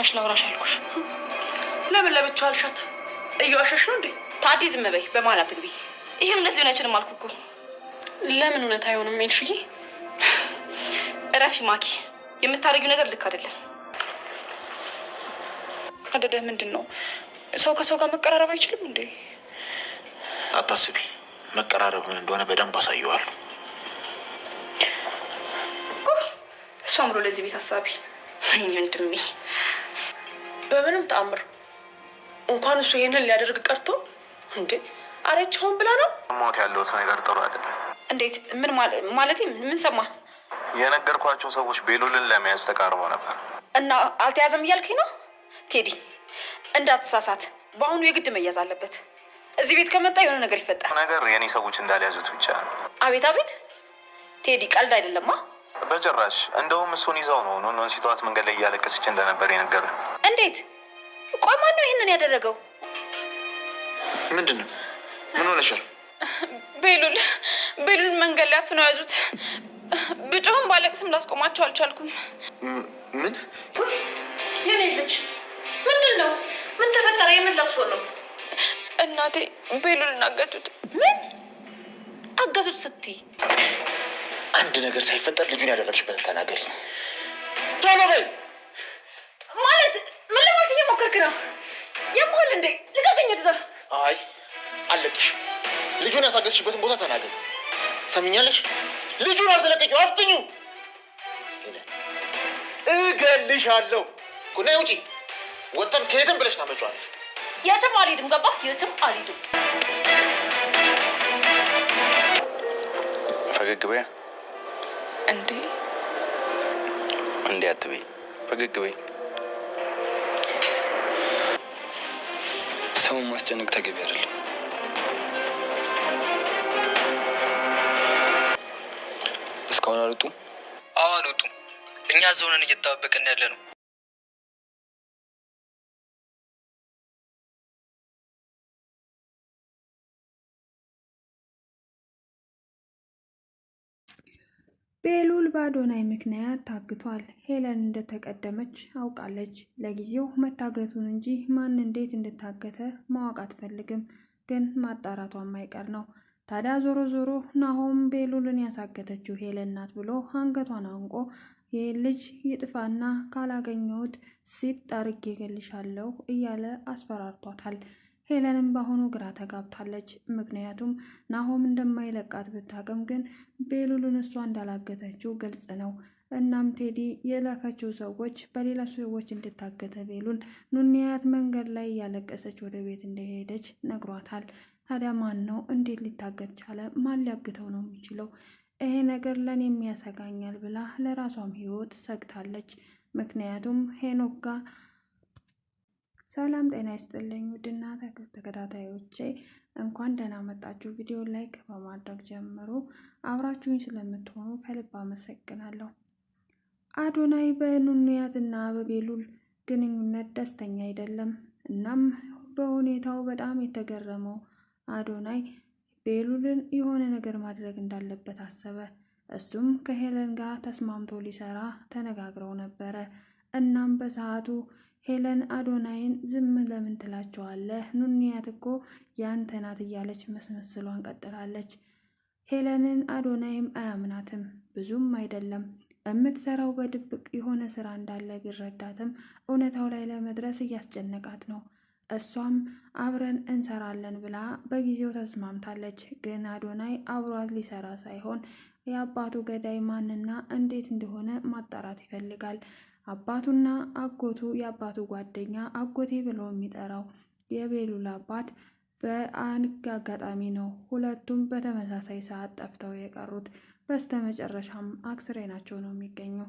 ብቻሽ ላውራሽ አልኩሽ። ለምን ለብቻው አልሻት? እየዋሸሽ ነው እንዴ? ታዲ ዝም በይ፣ በመሀል አትግቢ። ይህ እውነት ሊሆን አይችልም አልኩ እኮ። ለምን እውነት አይሆንም? ሜልሽዬ እረፊ ማኪ፣ የምታደርጊው ነገር ልክ አይደለም። አደደ ምንድን ነው ሰው ከሰው ጋር መቀራረብ አይችልም እንዴ? አታስቢ፣ መቀራረብ ምን እንደሆነ በደንብ አሳየዋለሁ። እሷ አምሮ ለዚህ ቤት አሳቢ ወይኔ ወንድሜ በምንም ተአምር እንኳን እሱ ይህንን ሊያደርግ ቀርቶ እንዴ አረችሁን ብላ ነው ሞት ያለሁት ነገር ጥሩ አይደለም። እንዴት? ምን ማለት ምን ሰማ? የነገርኳቸው ሰዎች ቤሉልን ለመያዝ ተቃርቦ ነበር እና አልተያዘም እያልከኝ ነው ቴዲ? እንዳትሳሳት፣ በአሁኑ የግድ መያዝ አለበት። እዚህ ቤት ከመጣ የሆነ ነገር ይፈጠራል። ነገር የኔ ሰዎች እንዳልያዙት ብቻ። አቤት አቤት! ቴዲ ቀልድ አይደለማ። በጭራሽ እንደውም እሱን ይዘው ነው ኖኖን ሲተዋት መንገድ ላይ እያለቀሰች እንደነበር የነገር እንዴት? ቆይ ማን ነው ይህንን ያደረገው? ምንድን ነው? ምን ሆነሻል? ቤሉል ቤሉል መንገድ ላይ አፍነው ያዙት። ብጮህም ባለቅስም ላስቆማቸው አልቻልኩም። ምን የኔ ልጅ ምንድን ነው? ምን ተፈጠረ? የምን ለቅሶ ነው? እናቴ ቤሉልን አገቱት። ምን አገቱት ስትይ አንድ ነገር ሳይፈጠር ልጁን ያደረግሽበትን ተናገሪ። ቶሎ በይ። ማለት ምን ለማለት እየሞከርክ ነው? የመሆን እንዴ ልቀቀኝ። እዛ አይ አለቅሽ። ልጁን ያሳገዝሽበትን ቦታ ተናገሪ። ሰሚኛለሽ? ልጁን አስለቀቂው፣ አፍጥኙ፣ እገልሻለሁ። ኩና ውጪ ወጥተን ከየትም ብለሽ ታመጫዋለሽ። የትም አልሄድም። ገባ? የትም አልሄድም። ፈገግ በያ እንዴ እንዴ አትበይ፣ ፈገግ በይ። ሰውን ማስጨነቅ ተገቢ አይደለም። እስካሁን አልወጡም? አዎ አልወጡም። እኛ እዛው ነን እየተጠባበቅን ያለ ነው። ቤሉል በአዶናይ ምክንያት ታግቷል። ሄለን እንደተቀደመች አውቃለች። ለጊዜው መታገቱን እንጂ ማን እንዴት እንደታገተ ማወቅ አትፈልግም፣ ግን ማጣራቷ የማይቀር ነው። ታዲያ ዞሮ ዞሮ ናሆም ቤሉልን ያሳገተችው ሄለን ናት ብሎ አንገቷን አንቆ ይህ ልጅ ይጥፋና ካላገኘሁት ሲጥ አርጌ እገልሻለሁ እያለ አስፈራርቷታል። ሄለንም በአሁኑ ግራ ተጋብታለች። ምክንያቱም ናሆም እንደማይለቃት ብታቅም ግን ቤሉሉን እሷ እንዳላገተችው ግልጽ ነው። እናም ቴዲ የላካቸው ሰዎች በሌላ ሰዎች እንድታገተ ቤሉል ኑንያት መንገድ ላይ እያለቀሰች ወደ ቤት እንደሄደች ነግሯታል። ታዲያ ማን ነው እንዴት ሊታገት ቻለ? ማን ሊያግተው ነው የሚችለው? ይሄ ነገር ለእኔም ያሰጋኛል ብላ ለራሷም ህይወት ሰግታለች። ምክንያቱም ሄኖክ ጋር ሰላም ጤና ይስጥልኝ ውድና ተከታታዮቼ እንኳን ደህና መጣችሁ። ቪዲዮ ላይክ በማድረግ ጀምሩ። አብራችሁኝ ስለምትሆኑ ከልብ አመሰግናለሁ። አዶናይ በኑንያት በቤሉል ግንኙነት ደስተኛ አይደለም። እናም በሁኔታው በጣም የተገረመው አዶናይ ቤሉልን የሆነ ነገር ማድረግ እንዳለበት አሰበ። እሱም ከሄለን ጋር ተስማምቶ ሊሰራ ተነጋግረው ነበረ። እናም በሰዓቱ ሄለን አዶናይን ዝም ለምን ትላቸዋለህ? ኑንያት እኮ ያንተ ናት እያለች መስመስሏን ቀጥላለች። ሄለንን አዶናይም አያምናትም። ብዙም አይደለም የምትሰራው በድብቅ የሆነ ስራ እንዳለ ቢረዳትም እውነታው ላይ ለመድረስ እያስጨነቃት ነው። እሷም አብረን እንሰራለን ብላ በጊዜው ተስማምታለች። ግን አዶናይ አብሯት ሊሰራ ሳይሆን የአባቱ ገዳይ ማንና እንዴት እንደሆነ ማጣራት ይፈልጋል። አባቱና አጎቱ የአባቱ ጓደኛ አጎቴ ብሎ የሚጠራው የቤሉል አባት በአንድ አጋጣሚ ነው ሁለቱም በተመሳሳይ ሰዓት ጠፍተው የቀሩት። በስተመጨረሻም አክስሬ ናቸው ነው የሚገኘው።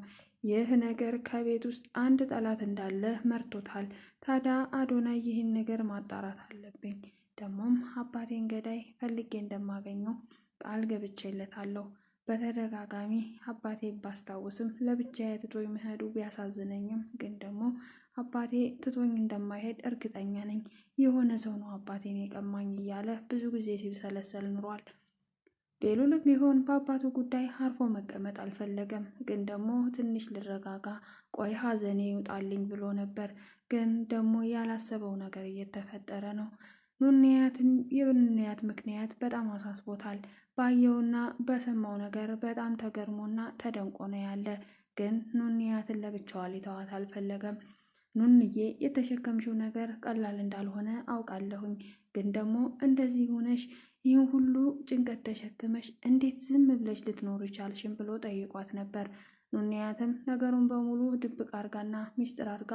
ይህ ነገር ከቤት ውስጥ አንድ ጠላት እንዳለ መርቶታል። ታዲያ አዶናይ ይህን ነገር ማጣራት አለብኝ፣ ደግሞም አባቴን ገዳይ ፈልጌ እንደማገኘው ቃል ገብቼለታለሁ። በተደጋጋሚ አባቴ ባስታውስም ለብቻዬ ትቶኝ መሄዱ ቢያሳዝነኝም ግን ደግሞ አባቴ ትቶኝ እንደማይሄድ እርግጠኛ ነኝ። የሆነ ሰው ነው አባቴን የቀማኝ እያለ ብዙ ጊዜ ሲብሰለሰል ኑሯል። ቤሉልም ቢሆን በአባቱ ጉዳይ አርፎ መቀመጥ አልፈለገም። ግን ደግሞ ትንሽ ልረጋጋ፣ ቆይ ሀዘኔ ይውጣልኝ ብሎ ነበር። ግን ደግሞ ያላሰበው ነገር እየተፈጠረ ነው። ኑንያትም የኑንያት ምክንያት በጣም አሳስቦታል። ባየውና በሰማው ነገር በጣም ተገርሞና ተደንቆ ነው ያለ። ግን ኑንያትን ለብቻዋ ሊተዋት አልፈለገም። ኑንዬ የተሸከምሽው ነገር ቀላል እንዳልሆነ አውቃለሁኝ፣ ግን ደግሞ እንደዚህ ሆነሽ ይህን ሁሉ ጭንቀት ተሸክመሽ እንዴት ዝም ብለሽ ልትኖር ይቻልሽም ብሎ ጠይቋት ነበር። ኑንያትም ነገሩን በሙሉ ድብቅ አርጋና ሚስጥር አርጋ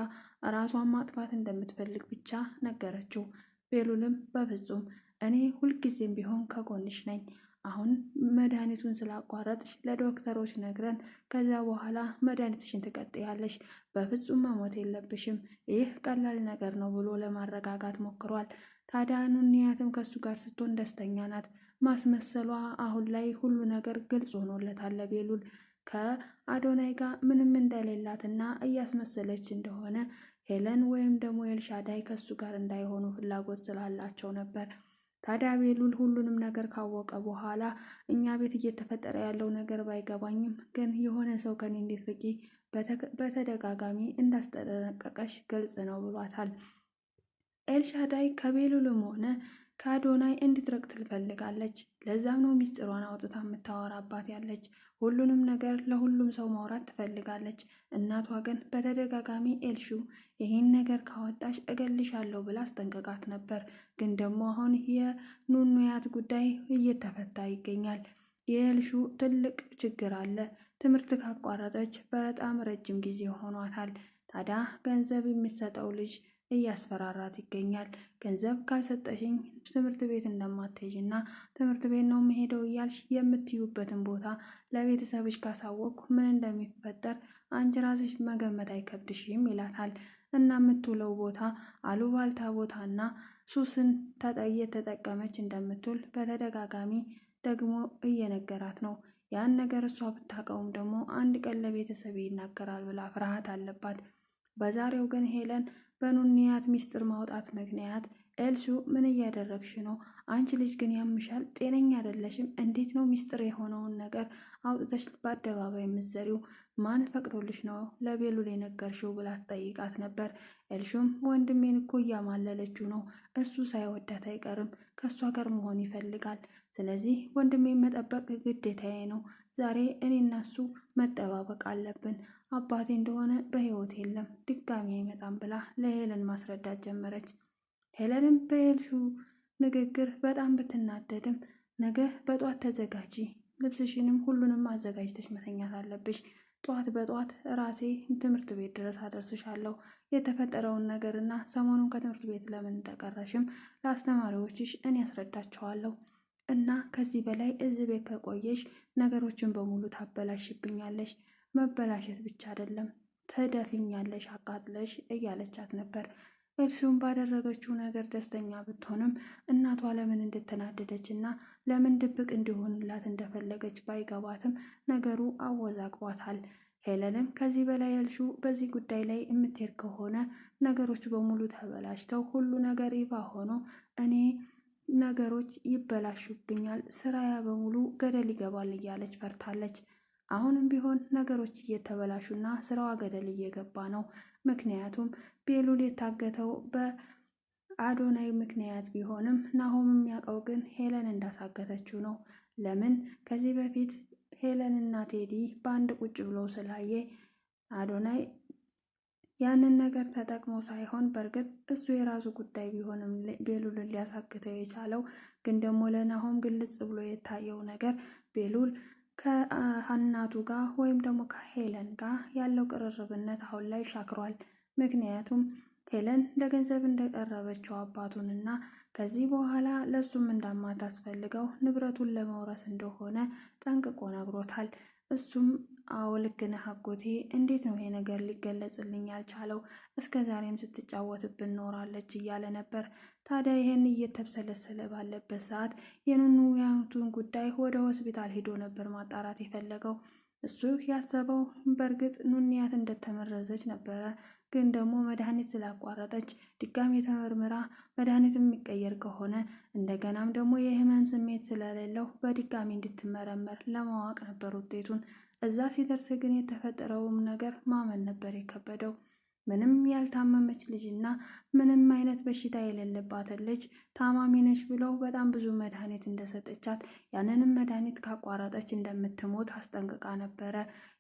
ራሷን ማጥፋት እንደምትፈልግ ብቻ ነገረችው። ቤሉልም በፍጹም እኔ ሁልጊዜም ቢሆን ከጎንሽ ነኝ አሁን መድኃኒቱን ስላቋረጥሽ ለዶክተሮች ነግረን ከዛ በኋላ መድኃኒትሽን ትቀጥያለሽ። በፍጹም መሞት የለብሽም። ይህ ቀላል ነገር ነው ብሎ ለማረጋጋት ሞክሯል። ታዲያ ኑንያትም ከእሱ ጋር ስትሆን ደስተኛ ናት። ማስመሰሏ አሁን ላይ ሁሉ ነገር ግልጽ ሆኖለታል ቤሉል ከአዶናይ ጋር ምንም እንደሌላትና እያስመሰለች እንደሆነ ሄለን ወይም ደግሞ ኤልሻዳይ ከእሱ ጋር እንዳይሆኑ ፍላጎት ስላላቸው ነበር። ታዲያ ቤሉል ሁሉንም ነገር ካወቀ በኋላ እኛ ቤት እየተፈጠረ ያለው ነገር ባይገባኝም ግን የሆነ ሰው ከኔ እንድትርቂ በተደጋጋሚ እንዳስጠነቀቀሽ ግልጽ ነው ብሏታል። ኤልሻዳይ ከቤሉልም ሆነ ከአዶናይ እንድትርቅ ትፈልጋለች። ለዛም ነው ሚስጥሯን አውጥታ የምታወራባት ያለች። ሁሉንም ነገር ለሁሉም ሰው ማውራት ትፈልጋለች። እናቷ ግን በተደጋጋሚ ኤልሹ ይህን ነገር ካወጣሽ እገልሻለሁ ብላ አስጠንቀቃት ነበር። ግን ደግሞ አሁን የኑኑያት ጉዳይ እየተፈታ ይገኛል። የኤልሹ ትልቅ ችግር አለ። ትምህርት ካቋረጠች በጣም ረጅም ጊዜ ሆኗታል። ታዲያ ገንዘብ የሚሰጠው ልጅ እያስፈራራት ይገኛል። ገንዘብ ካልሰጠሽኝ ትምህርት ቤት እንደማትሄጂ እና ትምህርት ቤት ነው መሄደው እያልሽ የምትዩበትን ቦታ ለቤተሰብሽ ካሳወቅኩ ምን እንደሚፈጠር አንቺ ራስሽ መገመት አይከብድሽም ይላታል። እና የምትውለው ቦታ አሉባልታ ቦታና ሱስን ተጠቀመች እንደምትውል በተደጋጋሚ ደግሞ እየነገራት ነው። ያን ነገር እሷ ብታውቀውም ደግሞ አንድ ቀን ለቤተሰብ ይናገራል ብላ ፍርሃት አለባት። በዛሬው ግን ሄለን በኑንያት ሚስጥር ማውጣት ምክንያት ኤልሹ ምን እያደረግሽ ነው? አንቺ ልጅ ግን ያምሻል፣ ጤነኛ አይደለሽም። እንዴት ነው ሚስጥር የሆነውን ነገር አውጥተሽ በአደባባይ ምዘሪው ማን ፈቅዶልሽ ነው ለቤሉል የነገርሽው? ብላ ትጠይቃት ነበር። ኤልሹም ወንድሜን እኮ እያማለለችው ነው። እሱ ሳይወዳት አይቀርም፣ ከእሷ ጋር መሆን ይፈልጋል። ስለዚህ ወንድሜን መጠበቅ ግዴታዬ ነው። ዛሬ እኔ እናሱ መጠባበቅ አለብን። አባቴ እንደሆነ በህይወት የለም ድጋሚ አይመጣም ብላ ለሄለን ማስረዳት ጀመረች። ሄለንም በኤልሹ ንግግር በጣም ብትናደድም ነገ በጧት ተዘጋጂ፣ ልብስሽንም ሁሉንም አዘጋጅተሽ መተኛት አለብሽ። ጧት በጧት ራሴ ትምህርት ቤት ድረስ አደርስሻለሁ። የተፈጠረውን ነገርና ሰሞኑን ከትምህርት ቤት ለምን ተቀረሽም ለአስተማሪዎችሽ እኔ ያስረዳቸዋለሁ። እና ከዚህ በላይ እዚህ ቤት ከቆየሽ ነገሮችን በሙሉ ታበላሽብኛለሽ፣ መበላሸት ብቻ አይደለም ትደፍኛለሽ፣ አቃጥለሽ እያለቻት ነበር። እርሱም ባደረገችው ነገር ደስተኛ ብትሆንም እናቷ ለምን እንድትናደደች እና ለምን ድብቅ እንዲሆንላት እንደፈለገች ባይገባትም ነገሩ አወዛግቧታል። ሄለንም ከዚህ በላይ ያልሹ በዚህ ጉዳይ ላይ የምትሄድ ከሆነ ነገሮች በሙሉ ተበላሽተው ሁሉ ነገር ይፋ ሆኖ እኔ ነገሮች ይበላሹብኛል፣ ስራያ በሙሉ ገደል ይገባል እያለች ፈርታለች። አሁንም ቢሆን ነገሮች እየተበላሹና ስራዋ ገደል እየገባ ነው። ምክንያቱም ቤሉል የታገተው በአዶናይ ምክንያት ቢሆንም ናሆም የሚያውቀው ግን ሄለን እንዳሳገተችው ነው። ለምን ከዚህ በፊት ሄለንና ቴዲ በአንድ ቁጭ ብሎ ስላየ አዶናይ ያንን ነገር ተጠቅሞ ሳይሆን በእርግጥ እሱ የራሱ ጉዳይ ቢሆንም ቤሉልን ሊያሳክተው የቻለው ግን ደግሞ ለናሆም ግልጽ ብሎ የታየው ነገር ቤሉል ከእናቱ ጋር ወይም ደግሞ ከሄለን ጋር ያለው ቅርርብነት አሁን ላይ ሻክሯል። ምክንያቱም ሄለን ለገንዘብ እንደቀረበችው አባቱንና ከዚህ በኋላ ለእሱም እንዳማታስፈልገው ንብረቱን ለመውረስ እንደሆነ ጠንቅቆ ነግሮታል። እሱም አዎ ልክ ነህ አጎቴ፣ እንዴት ነው ይሄ ነገር ሊገለጽልኝ ያልቻለው? እስከ ዛሬም ስትጫወትብን ኖራለች እያለ ነበር። ታዲያ ይሄን እየተብሰለሰለ ባለበት ሰዓት የኑኑ የአያቱን ጉዳይ ወደ ሆስፒታል ሄዶ ነበር ማጣራት የፈለገው። እሱ ያሰበው በእርግጥ ኑንያት እንደተመረዘች ነበረ። ግን ደግሞ መድኃኒት ስላቋረጠች ድጋሚ ተመርምራ መድኃኒቱ የሚቀየር ከሆነ እንደገናም ደግሞ የህመም ስሜት ስለሌለው በድጋሚ እንድትመረመር ለማወቅ ነበር ውጤቱን። እዛ ሲደርስ ግን የተፈጠረውም ነገር ማመን ነበር የከበደው። ምንም ያልታመመች ልጅ እና ምንም አይነት በሽታ የሌለባትን ልጅ ታማሚ ነች ብለው በጣም ብዙ መድኃኒት እንደሰጠቻት ያንንም መድኃኒት ካቋረጠች እንደምትሞት አስጠንቅቃ ነበረ።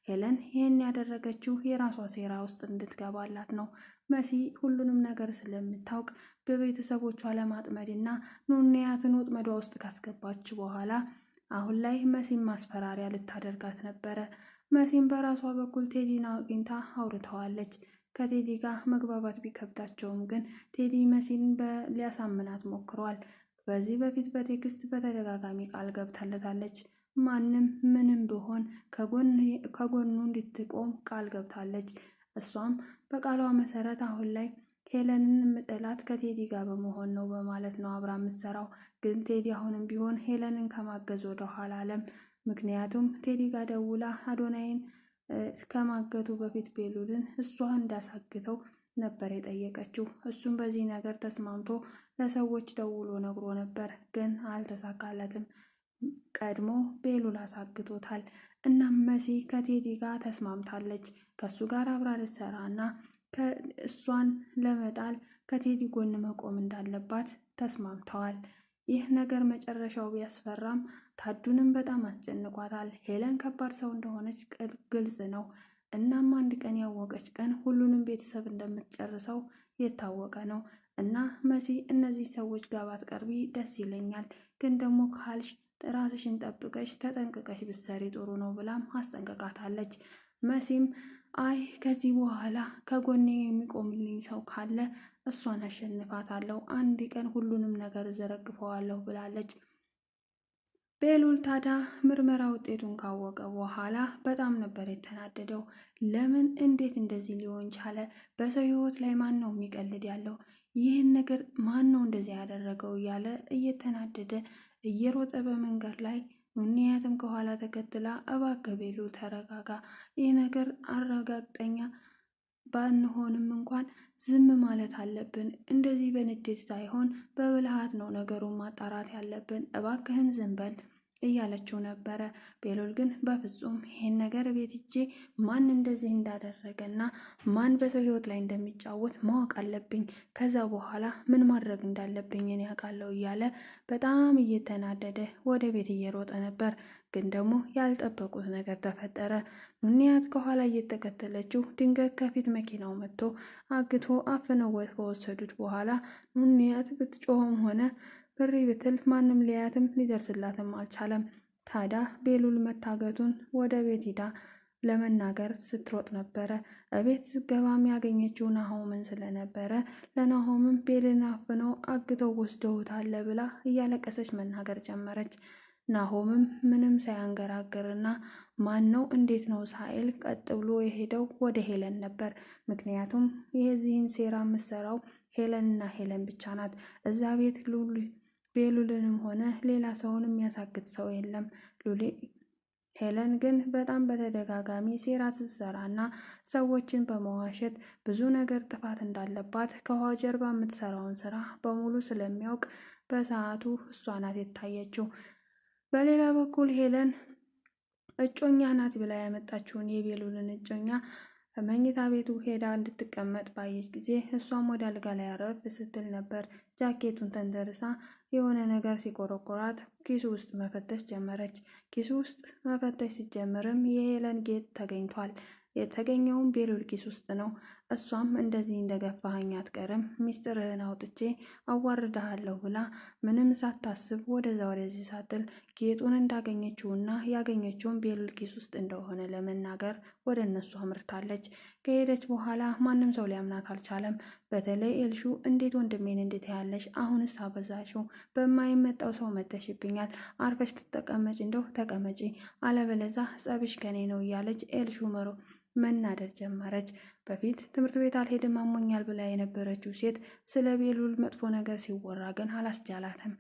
ሄለን ይህን ያደረገችው የራሷ ሴራ ውስጥ እንድትገባላት ነው። መሲ ሁሉንም ነገር ስለምታውቅ በቤተሰቦቿ ለማጥመድና ኑንያትን ወጥመዷ ውስጥ ካስገባች በኋላ አሁን ላይ መሲም ማስፈራሪያ ልታደርጋት ነበረ። መሲም በራሷ በኩል ቴዲን አግኝታ አውርተዋለች። ከቴዲ ጋር መግባባት ቢከብዳቸውም ግን ቴዲ መሲን ሊያሳምናት ሞክሯል። በዚህ በፊት በቴክስት በተደጋጋሚ ቃል ገብታለታለች። ማንም ምንም ቢሆን ከጎኑ እንድትቆም ቃል ገብታለች። እሷም በቃሏ መሰረት አሁን ላይ ሄለንን ምጥላት ከቴዲ ጋር በመሆን ነው በማለት ነው አብራ የምትሰራው። ግን ቴዲ አሁንም ቢሆን ሄለንን ከማገዝ ወደ ኋላ አለም። ምክንያቱም ቴዲ ደውላ አዶናይን ከማገቱ በፊት ቤሉልን እሷ እንዳሳግተው ነበር የጠየቀችው። እሱም በዚህ ነገር ተስማምቶ ለሰዎች ደውሎ ነግሮ ነበር፣ ግን አልተሳካለትም። ቀድሞ ቤሉል አሳግቶታል። እናም መሲ ከቴዲ ጋር ተስማምታለች። ከእሱ ጋር አብራ ልትሰራ እና እሷን ለመጣል ከቴዲ ጎን መቆም እንዳለባት ተስማምተዋል። ይህ ነገር መጨረሻው ቢያስፈራም ታዱንም በጣም አስጨንቋታል። ሄለን ከባድ ሰው እንደሆነች ግልጽ ነው። እናም አንድ ቀን ያወቀች ቀን ሁሉንም ቤተሰብ እንደምትጨርሰው የታወቀ ነው። እና መሲ እነዚህ ሰዎች ጋር ባትቀርቢ ደስ ይለኛል፣ ግን ደግሞ ካልሽ ራስሽን ጠብቀሽ ተጠንቅቀሽ ብትሰሪ ጥሩ ነው ብላም አስጠንቅቃታለች። መሲም አይ ከዚህ በኋላ ከጎኔ የሚቆምልኝ ሰው ካለ እሷን አሸንፋታለሁ፣ አንድ ቀን ሁሉንም ነገር ዘረግፈዋለሁ ብላለች። ቤሉል ታዲያ ምርመራ ውጤቱን ካወቀ በኋላ በጣም ነበር የተናደደው። ለምን እንዴት እንደዚህ ሊሆን ቻለ? በሰው ህይወት ላይ ማን ነው የሚቀልድ ያለው? ይህን ነገር ማን ነው እንደዚህ ያደረገው? እያለ እየተናደደ እየሮጠ በመንገድ ላይ ሙኒያትም ከኋላ ተከትላ እባክህ ቤሉ ተረጋጋ፣ ይህ ነገር አረጋግጠኛ ባንሆንም እንኳን ዝም ማለት አለብን። እንደዚህ በንዴት ሳይሆን በብልሃት ነው ነገሩን ማጣራት ያለብን። እባክህን ዝም በል እያለችው ነበረ። ቤሎል ግን በፍጹም ይሄን ነገር ቤት እጄ ማን እንደዚህ እንዳደረገና ማን በሰው ህይወት ላይ እንደሚጫወት ማወቅ አለብኝ፣ ከዛ በኋላ ምን ማድረግ እንዳለብኝ እኔ አውቃለሁ እያለ በጣም እየተናደደ ወደ ቤት እየሮጠ ነበር። ግን ደግሞ ያልጠበቁት ነገር ተፈጠረ። ሙኒያት ከኋላ እየተከተለችው ድንገት ከፊት መኪናው መጥቶ አግቶ አፍነው ከወሰዱት በኋላ ሙኒያት ብትጮኸም ሆነ ብሪ ብትል ማንም ሊያያትም ሊደርስላትም አልቻለም። ታዲያ ቤሉል መታገቱን ወደ ቤት ሂዳ ለመናገር ስትሮጥ ነበረ። እቤት ስገባም ያገኘችው ናሆምን ስለነበረ ለናሆምም ቤልን አፍነው አግተው ወስደውታል ብላ እያለቀሰች መናገር ጀመረች። ናሆምም ምንም ሳያንገራግርና ማን ነው እንዴት ነው ሳይል ቀጥ ብሎ የሄደው ወደ ሄለን ነበር። ምክንያቱም የዚህን ሴራ የምትሰራው ሄለንና ሄለን ብቻ ናት። እዛ ቤት ቤሉልንም ሆነ ሌላ ሰውን የሚያሳግድ ሰው የለም። ሄለን ግን በጣም በተደጋጋሚ ሴራ ስትሰራ እና ሰዎችን በመዋሸት ብዙ ነገር ጥፋት እንዳለባት ከኋላ ጀርባ የምትሰራውን ስራ በሙሉ ስለሚያውቅ በሰዓቱ እሷ ናት የታየችው። በሌላ በኩል ሄለን እጮኛ ናት ብላ ያመጣችውን የቤሉልን እጮኛ በመኝታ ቤቱ ሄዳ እንድትቀመጥ ባየች ጊዜ እሷም ወደ አልጋ ላይ አረፍ ስትል ነበር ጃኬቱን ተንተርሳ የሆነ ነገር ሲቆረቆራት ኪሱ ውስጥ መፈተሽ ጀመረች። ኪሱ ውስጥ መፈተሽ ሲጀምርም የሄለን ጌጥ ተገኝቷል። የተገኘውም ቤሉል ኪስ ውስጥ ነው። እሷም እንደዚህ እንደገፋኸኝ አትቀርም ሚስጥርህን አውጥቼ አዋርድሃለሁ ብላ ምንም ሳታስብ ወደዛ ወደዚህ ሳትል ጌጡን እንዳገኘችውና ያገኘችውን ቤሉል ኪስ ውስጥ እንደሆነ ለመናገር ወደ እነሱ አምርታለች። ከሄደች በኋላ ማንም ሰው ሊያምናት አልቻለም። በተለይ ኤልሹ እንዴት ወንድሜን እንዴት ያለሽ አሁንስ አበዛሽው፣ በማይመጣው ሰው መተሽብኛል። አርፈሽ ትጠቀመጭ እንደው ተቀመጪ፣ አለበለዛ ጸብሽ ከኔ ነው እያለች ኤልሹ መሮ መናደድ ጀመረች። በፊት ትምህርት ቤት አልሄድም አሞኛል ብላ የነበረችው ሴት ስለ ቤሉል መጥፎ ነገር ሲወራ ግን አላስቻላትም።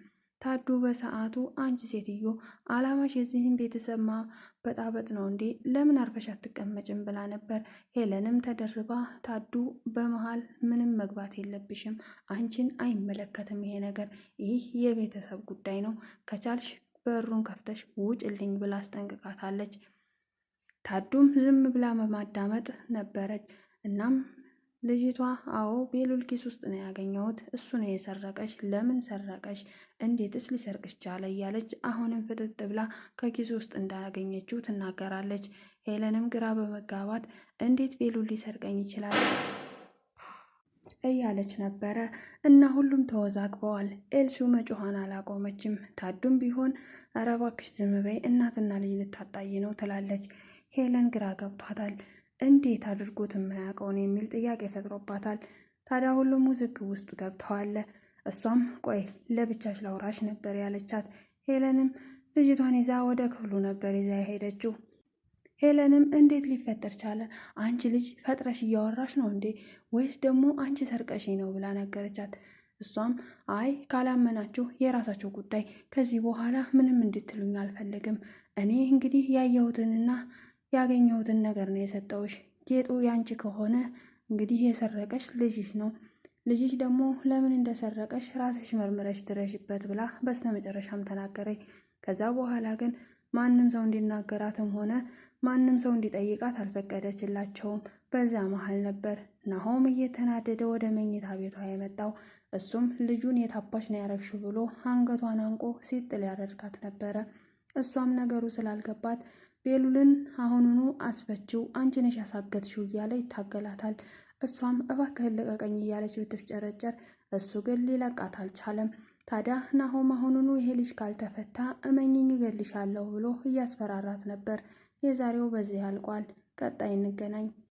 ታዱ በሰዓቱ አንቺ ሴትዮ አላማሽ የዚህን ቤተሰብ ማበጣበጥ ነው እንዴ? ለምን አርፈሽ አትቀመጭም? ብላ ነበር። ሄለንም ተደርባ ታዱ በመሃል ምንም መግባት የለብሽም፣ አንቺን አይመለከትም ይሄ ነገር፣ ይህ የቤተሰብ ጉዳይ ነው፣ ከቻልሽ በሩን ከፍተሽ ውጭልኝ ብላ አስጠንቅቃታለች። ታዱም ዝም ብላ በማዳመጥ ነበረች። እናም ልጅቷ አዎ ቤሉል ኪስ ውስጥ ነው ያገኘሁት፣ እሱ ነው የሰረቀሽ፣ ለምን ሰረቀሽ፣ እንዴትስ ሊሰርቅሽ ቻለ እያለች አሁንም ፍጥጥ ብላ ከኪስ ውስጥ እንዳገኘችው ትናገራለች። ሄለንም ግራ በመጋባት እንዴት ቤሉል ሊሰርቀኝ ይችላል እያለች ነበረ እና ሁሉም ተወዛግበዋል። ኤልሱ መጮኋን አላቆመችም። ታዱም ቢሆን ኧረ እባክሽ ዝም በይ እናትና ልጅ ልታጣይ ነው ትላለች። ሄለን ግራ ገብቷታል። እንዴት አድርጎት የማያውቀውን የሚል ጥያቄ ፈጥሮባታል። ታዲያ ሁሉም ውዝግብ ውስጥ ገብተዋል። እሷም ቆይ ለብቻሽ ላውራሽ ነበር ያለቻት። ሄለንም ልጅቷን ይዛ ወደ ክፍሉ ነበር ይዛ የሄደችው። ሄለንም እንዴት ሊፈጠር ቻለ? አንቺ ልጅ ፈጥረሽ እያወራሽ ነው እንዴ? ወይስ ደግሞ አንቺ ሰርቀሽ ነው ብላ ነገረቻት። እሷም አይ ካላመናችሁ የራሳችሁ ጉዳይ፣ ከዚህ በኋላ ምንም እንድትሉኝ አልፈልግም። እኔ እንግዲህ ያየሁትንና ያገኘሁትን ነገር ነው የሰጠውሽ። ጌጡ ያንቺ ከሆነ እንግዲህ የሰረቀሽ ልጅሽ ነው። ልጅሽ ደግሞ ለምን እንደሰረቀሽ ራስሽ መርምረሽ ድረሽበት ብላ በስተመጨረሻም ተናገረኝ። ከዛ በኋላ ግን ማንም ሰው እንዲናገራትም ሆነ ማንም ሰው እንዲጠይቃት አልፈቀደችላቸውም። በዛ መሀል ነበር ናሆም እየተናደደ ወደ መኝታ ቤቷ የመጣው። እሱም ልጁን የታባሽ ነው ያረግሽው ብሎ አንገቷን አንቆ ሲጥል ያደርጋት ነበረ። እሷም ነገሩ ስላልገባት ቤሉልን አሁኑኑ አስፈችው፣ አንቺ ነሽ ያሳገትሽው እያለ ይታገላታል። እሷም እባክህን ልቀቀኝ እያለች ብትፍጨረጨር እሱ ግን ሊለቃት አልቻለም። ታዲያ ናሆም አሁኑኑ ይሄ ልጅ ካልተፈታ እመኝኝ እገልሻለሁ ብሎ እያስፈራራት ነበር። የዛሬው በዚህ ያልቋል። ቀጣይ እንገናኝ።